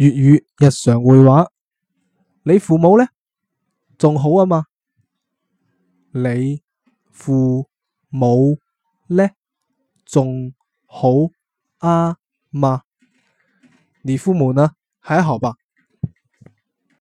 粵語日常會話，你父母呢？仲好吖嘛？你父母呢？仲好吖嘛？你父母呢？還好吧？